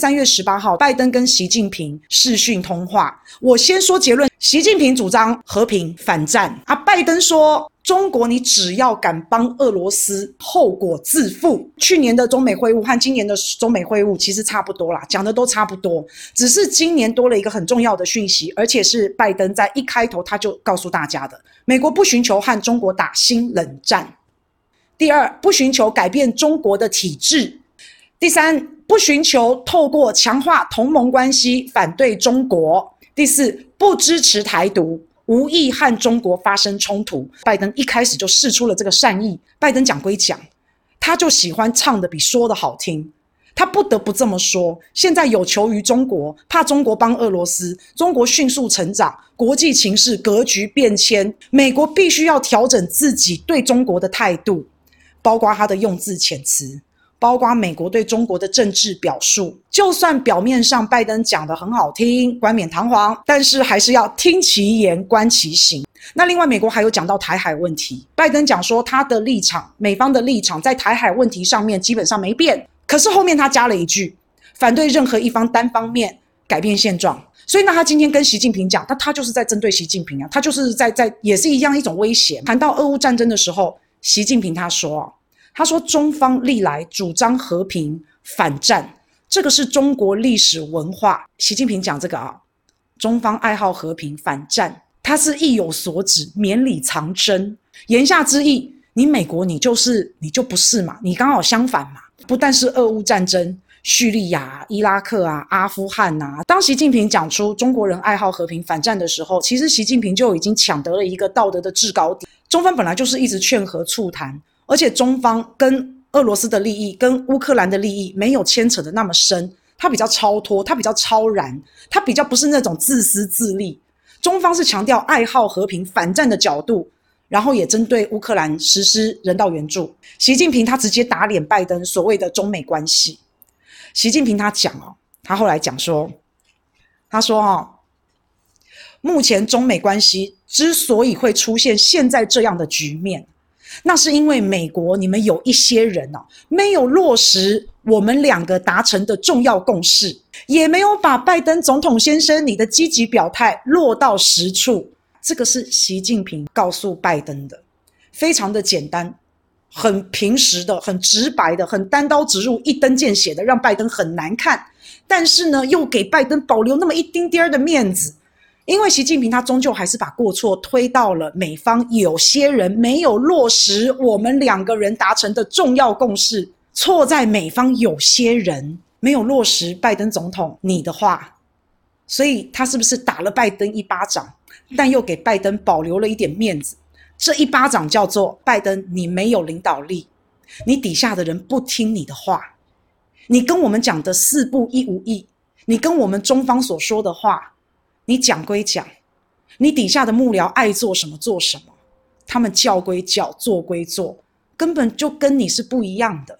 三月十八號，拜登跟習近平視訊通話。我先說結論：習近平主張和平反戰啊。拜登說：“中國，你只要敢幫俄羅斯，後果自負。”去年的中美會晤和今年的中美會晤其實差不多啦，講的都差不多，只是今年多了一個很重要的訊息，而且是拜登在一開頭他就告訴大家的：美國不尋求和中國打新冷戰，第二，不尋求改變中國的體制，第三，不尋求透過強化同盟關係反對中國。第四，不支持台獨，無意和中國發生衝突。拜登一開始就釋出了這個善意。拜登講歸講，他就喜歡唱得比說得好聽，他不得不這麼說。現在有求於中國，怕中國幫俄羅斯。中國迅速成長，國際情勢格局變遷，美國必須要調整自己對中國的態度，包括他的用字遣詞。包括美國對中國的政治表述，就算表面上拜登講得很好聽、冠冕堂皇，但是還是要聽其言觀其行。那另外，美國還有講到台海問題，拜登講說他的立場、美方的立場在台海問題上面基本上沒變，可是後面他加了一句反對任何一方單方面改變現狀。所以，那他今天跟習近平講，那他，他就是在針對習近平啊，他就是在在也是一樣一種威脅。談到俄烏戰爭的時候，習近平他說啊。他說：“中方歷來主張和平反戰，這個是中國歷史文化。”習近平講這個啊，中方愛好和平反戰，他是意有所指，綿裡藏針，言下之意，你美國你就是你就不是嘛，你剛好相反嘛。不但是俄烏戰爭、敘利亞、伊拉克啊、阿富汗吶、啊，當習近平講出中國人愛好和平反戰的時候，其實習近平就已經搶得了一個道德的制高點。中方本來就是一直勸和促談。而且中方跟俄羅斯的利益，跟烏克蘭的利益沒有牽扯的那麼深，它比較超脫，它比較超然，它比較不是那種自私自利。中方是強調愛好和平、反戰的角度，然後也針對烏克蘭實施人道援助。習近平他直接打臉拜登所謂的中美關係。習近平他講哦，他後來講說，他說哦，目前中美關係之所以會出現現在這樣的局面。那是因為美國，你們有一些人哦、啊，沒有落實我們兩個達成的重要共識，也沒有把拜登總統先生你的積極表態落到實處。這個是習近平告訴拜登的，非常的簡單，很平實的，很直白的，很單刀直入、一針見血的，讓拜登很難看。但是呢，又給拜登保留那麼一丁點兒的面子。因為習近平他終究還是把過錯推到了美方，有些人沒有落實我們兩個人達成的重要共識，錯在美方有些人沒有落實拜登總統你的話，所以他是不是打了拜登一巴掌，但又給拜登保留了一點面子？這一巴掌叫做拜登，你沒有領導力，你底下的人不聽你的話，你跟我們講的四不一無意，你跟我們中方所說的話。你講歸講，你底下的幕僚愛做什麼做什麼，他們叫歸叫，做歸做，根本就跟你是不一樣的。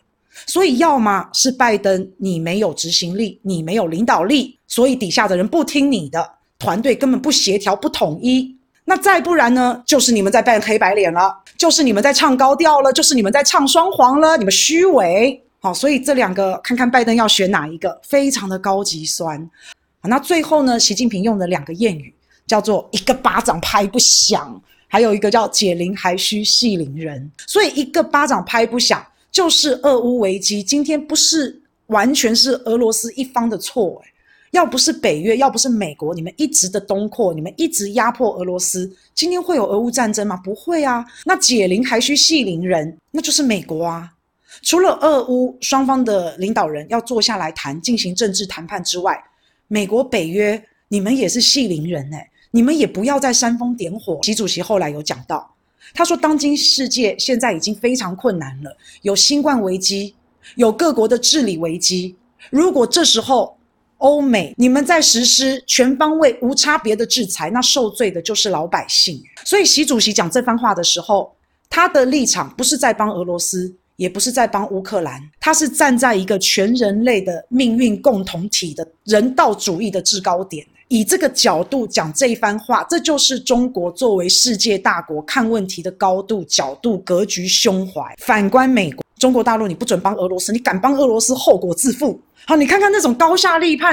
所以，要麼是拜登，你沒有執行力，你沒有領導力，所以底下的人不聽你的，團隊根本不協調不統一。那再不然呢，就是你們在扮黑白臉了，就是你們在唱高調了，就是你們在唱雙簧了，你們虛偽。好、哦，所以這兩個看看拜登要選哪一個，非常的高級酸。那最後呢？習近平用的兩個諺語叫做“一個巴掌拍不響”，還有一個叫“解鈴還須繫鈴人”。所以“一個巴掌拍不響”就是俄烏危機，今天不是完全是俄羅斯一方的錯誒、欸。要不是北約，要不是美國，你們一直的東擴，你們一直壓迫俄羅斯，今天會有俄烏戰爭嗎？不會啊。那“解鈴還須繫鈴人”，那就是美國啊。除了俄烏雙方的領導人要坐下來談，進行政治談判之外，美國、北約，你們也是繫鈴人、欸、你們也不要再煽風點火。習主席後來有講到，他說當今世界現在已經非常困難了，有新冠危機，有各國的治理危機。如果這時候歐美你們在實施全方位無差別的制裁，那受罪的就是老百姓。所以習主席講這番話的時候，他的立場不是在幫俄羅斯。也不是在幫烏克蘭，他是站在一個全人類的命運共同體的人道主義的制高點，以這個角度講這一番話，這就是中國作為世界大國看問題的高度、角度、格局、胸懷。反觀美國，中國大陸你不准幫俄羅斯，你敢幫俄羅斯，後果自負。好，你看看那種高下立判。